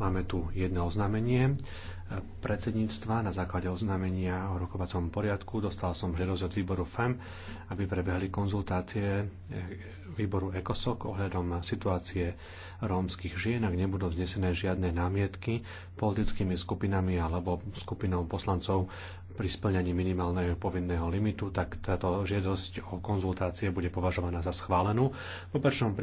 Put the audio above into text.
Máme tu jedno oznámenie predsedníctva na základe oznámenia o rokovacom poriadku. Dostal som žiadosť od výboru FEM, aby prebehli konzultácie eh, výboru ECOSOC ohľadom situácie rómskych žien, ak nebudú vznesené žiadne námietky politickými skupinami alebo skupinou poslancov pri splňaní minimálneho povinného limitu, tak táto žiadosť o konzultácie bude považovaná za schválenú. Po